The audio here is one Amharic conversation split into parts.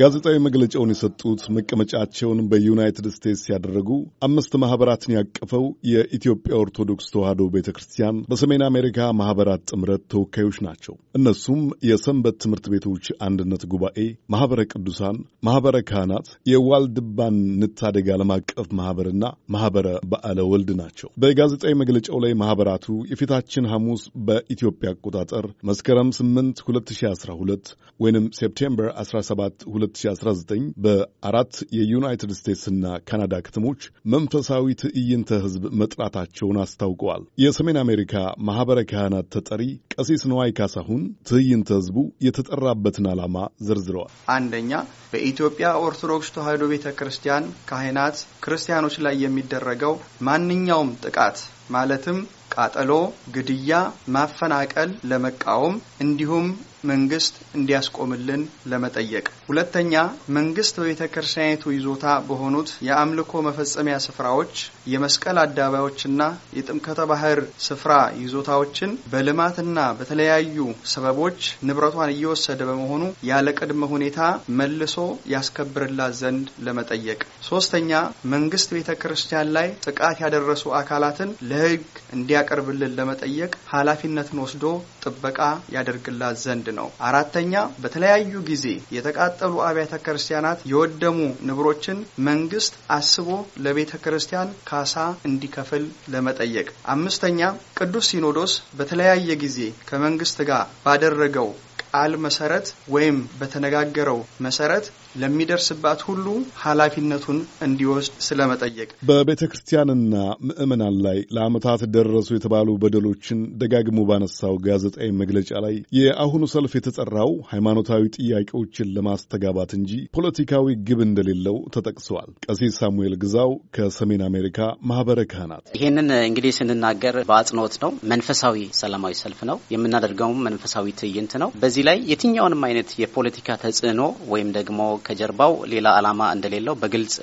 ጋዜጣዊ መግለጫውን የሰጡት መቀመጫቸውን በዩናይትድ ስቴትስ ያደረጉ አምስት ማህበራትን ያቀፈው የኢትዮጵያ ኦርቶዶክስ ተዋሕዶ ቤተ ክርስቲያን በሰሜን አሜሪካ ማህበራት ጥምረት ተወካዮች ናቸው። እነሱም የሰንበት ትምህርት ቤቶች አንድነት ጉባኤ፣ ማህበረ ቅዱሳን፣ ማህበረ ካህናት፣ የዋልድባን እንታደግ ዓለም አቀፍ ማህበርና ማህበረ በዓለ ወልድ ናቸው። በጋዜጣዊ መግለጫው ላይ ማህበራቱ የፊታችን ሐሙስ በኢትዮጵያ አቆጣጠር መስከረም 8 2012 ወይም ሴፕቴምበር 17 2019 በአራት የዩናይትድ ስቴትስና ካናዳ ከተሞች መንፈሳዊ ትዕይንተ ሕዝብ መጥራታቸውን አስታውቀዋል። የሰሜን አሜሪካ ማኅበረ ካህናት ተጠሪ ቀሲስ ነዋይ ካሳሁን ትዕይንተ ሕዝቡ የተጠራበትን ዓላማ ዘርዝረዋል። አንደኛ በኢትዮጵያ ኦርቶዶክስ ተዋሕዶ ቤተ ክርስቲያን ካህናት ክርስቲያኖች ላይ የሚደረገው ማንኛውም ጥቃት ማለትም ቃጠሎ፣ ግድያ፣ ማፈናቀል ለመቃወም እንዲሁም መንግስት እንዲያስቆምልን ለመጠየቅ። ሁለተኛ መንግስት በቤተ ክርስቲያኒቱ ይዞታ በሆኑት የአምልኮ መፈጸሚያ ስፍራዎች የመስቀል አደባባዮችና የጥምከተ ባህር ስፍራ ይዞታዎችን በልማትና በተለያዩ ሰበቦች ንብረቷን እየወሰደ በመሆኑ ያለ ቅድመ ሁኔታ መልሶ ያስከብርላት ዘንድ ለመጠየቅ። ሶስተኛ መንግስት ቤተ ክርስቲያን ላይ ጥቃት ያደረሱ አካላትን ለህግ እንዲያ እንዲያቀርብልን ለመጠየቅ ኃላፊነትን ወስዶ ጥበቃ ያደርግላት ዘንድ ነው። አራተኛ በተለያዩ ጊዜ የተቃጠሉ አብያተ ክርስቲያናት የወደሙ ንብሮችን መንግስት አስቦ ለቤተ ክርስቲያን ካሳ እንዲከፍል ለመጠየቅ። አምስተኛ ቅዱስ ሲኖዶስ በተለያየ ጊዜ ከመንግስት ጋር ባደረገው ቃል መሰረት ወይም በተነጋገረው መሰረት ለሚደርስባት ሁሉ ኃላፊነቱን እንዲወስድ ስለመጠየቅ በቤተ ክርስቲያንና ምዕመናን ላይ ለዓመታት ደረሱ የተባሉ በደሎችን ደጋግሞ ባነሳው ጋዜጣዊ መግለጫ ላይ የአሁኑ ሰልፍ የተጠራው ሃይማኖታዊ ጥያቄዎችን ለማስተጋባት እንጂ ፖለቲካዊ ግብ እንደሌለው ተጠቅሰዋል። ቀሲስ ሳሙኤል ግዛው ከሰሜን አሜሪካ ማህበረ ካህናት ይህንን እንግዲህ ስንናገር በአጽንኦት ነው። መንፈሳዊ ሰላማዊ ሰልፍ ነው የምናደርገውም መንፈሳዊ ትዕይንት ነው። በዚህ ላይ የትኛውንም አይነት የፖለቲካ ተጽዕኖ ወይም ደግሞ ከጀርባው ሌላ ዓላማ እንደሌለው በግልጽ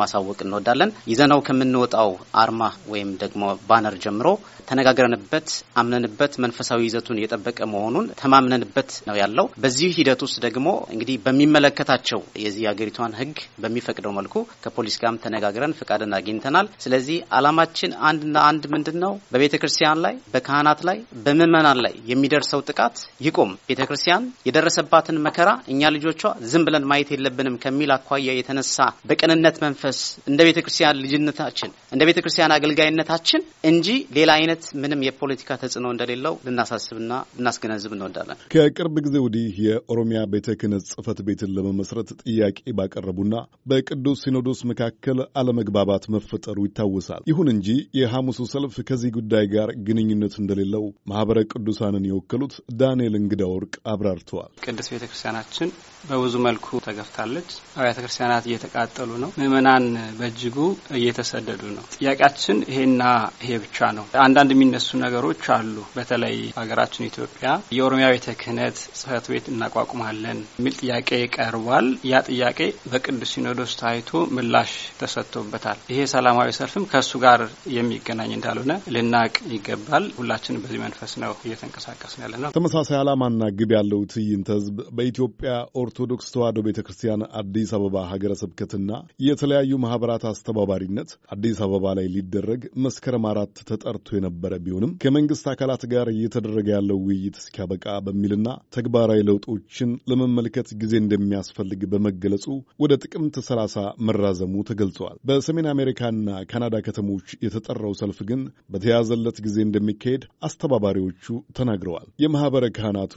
ማሳወቅ እንወዳለን። ይዘነው ከምንወጣው አርማ ወይም ደግሞ ባነር ጀምሮ ተነጋግረንበት አምነንበት መንፈሳዊ ይዘቱን የጠበቀ መሆኑን ተማምነንበት ነው ያለው። በዚህ ሂደት ውስጥ ደግሞ እንግዲህ በሚመለከታቸው የዚህ ሀገሪቷን ሕግ በሚፈቅደው መልኩ ከፖሊስ ጋርም ተነጋግረን ፍቃድን አግኝተናል። ስለዚህ ዓላማችን አንድና አንድ ምንድን ነው? በቤተ ክርስቲያን ላይ በካህናት ላይ በምእመናን ላይ የሚደርሰው ጥቃት ይቁም። ቤተ ክርስቲያን የደረሰባትን መከራ እኛ ልጆቿ ዝም ብለን ማየት የለብንም ከሚል አኳያ የተነሳ በቅንነት መንፈስ እንደ ቤተ ክርስቲያን ልጅነታችን እንደ ቤተ ክርስቲያን አገልጋይነታችን እንጂ ሌላ አይነት ምንም የፖለቲካ ተጽዕኖ እንደሌለው ልናሳስብና ልናስገነዝብ እንወዳለን። ከቅርብ ጊዜ ወዲህ የኦሮሚያ ቤተ ክህነት ጽሕፈት ቤትን ለመመስረት ጥያቄ ባቀረቡና በቅዱስ ሲኖዶስ መካከል አለመግባባት መፈጠሩ ይታወሳል። ይሁን እንጂ የሐሙሱ ሰልፍ ከዚህ ጉዳይ ጋር ግንኙነት እንደሌለው ማህበረ ቅዱሳንን የወከሉት ዳንኤል እንግዳ ወርቅ አብራርተዋል። ቅዱስ ቤተ ክርስቲያናችን በብዙ መልኩ ተገፍ ጠርታለች። አብያተ ክርስቲያናት እየተቃጠሉ ነው። ምእመናን በእጅጉ እየተሰደዱ ነው። ጥያቄያችን ይሄና ይሄ ብቻ ነው። አንዳንድ የሚነሱ ነገሮች አሉ። በተለይ ሀገራችን ኢትዮጵያ የኦሮሚያ ቤተ ክህነት ጽህፈት ቤት እናቋቁማለን የሚል ጥያቄ ቀርቧል። ያ ጥያቄ በቅዱስ ሲኖዶስ ታይቶ ምላሽ ተሰጥቶበታል። ይሄ ሰላማዊ ሰልፍም ከእሱ ጋር የሚገናኝ እንዳልሆነ ልናቅ ይገባል። ሁላችንም በዚህ መንፈስ ነው እየተንቀሳቀስን ያለ ነው። ተመሳሳይ ዓላማና ግብ ያለው ትዕይንተ ህዝብ በኢትዮጵያ ኦርቶዶክስ ተዋሕዶ ቤተ ክርስቲያን ክርስቲያን አዲስ አበባ ሀገረ ስብከትና የተለያዩ ማህበራት አስተባባሪነት አዲስ አበባ ላይ ሊደረግ መስከረም አራት ተጠርቶ የነበረ ቢሆንም ከመንግስት አካላት ጋር እየተደረገ ያለው ውይይት እስኪያበቃ በሚልና ተግባራዊ ለውጦችን ለመመልከት ጊዜ እንደሚያስፈልግ በመገለጹ ወደ ጥቅምት ሰላሳ መራዘሙ ተገልጿል። በሰሜን አሜሪካና ካናዳ ከተሞች የተጠራው ሰልፍ ግን በተያዘለት ጊዜ እንደሚካሄድ አስተባባሪዎቹ ተናግረዋል። የማኅበረ ካህናቱ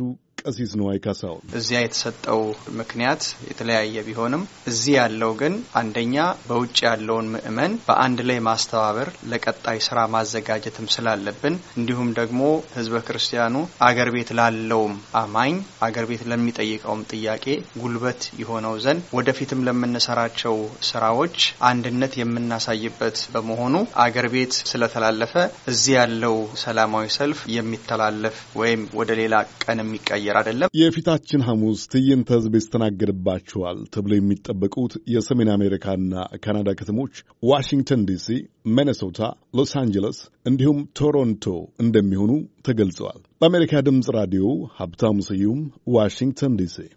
ቀሲስ ነዋይ ካሳሁን እዚያ የተሰጠው ምክንያት የተለያየ ቢሆንም እዚህ ያለው ግን አንደኛ በውጭ ያለውን ምዕመን በአንድ ላይ ማስተባበር ለቀጣይ ስራ ማዘጋጀትም ስላለብን እንዲሁም ደግሞ ህዝበ ክርስቲያኑ አገር ቤት ላለውም አማኝ አገር ቤት ለሚጠይቀውም ጥያቄ ጉልበት የሆነው ዘንድ ወደፊትም ለምንሰራቸው ስራዎች አንድነት የምናሳይበት በመሆኑ አገር ቤት ስለተላለፈ እዚህ ያለው ሰላማዊ ሰልፍ የሚተላለፍ ወይም ወደ ሌላ ቀን የሚቀየር የሚቀየር አይደለም። የፊታችን ሐሙስ ትዕይንተ ህዝብ ይስተናገድባቸዋል ተብሎ የሚጠበቁት የሰሜን አሜሪካና ካናዳ ከተሞች ዋሽንግተን ዲሲ፣ ሚኔሶታ፣ ሎስ አንጀለስ እንዲሁም ቶሮንቶ እንደሚሆኑ ተገልጸዋል። በአሜሪካ ድምፅ ራዲዮ ሀብታሙ ስዩም ዋሽንግተን ዲሲ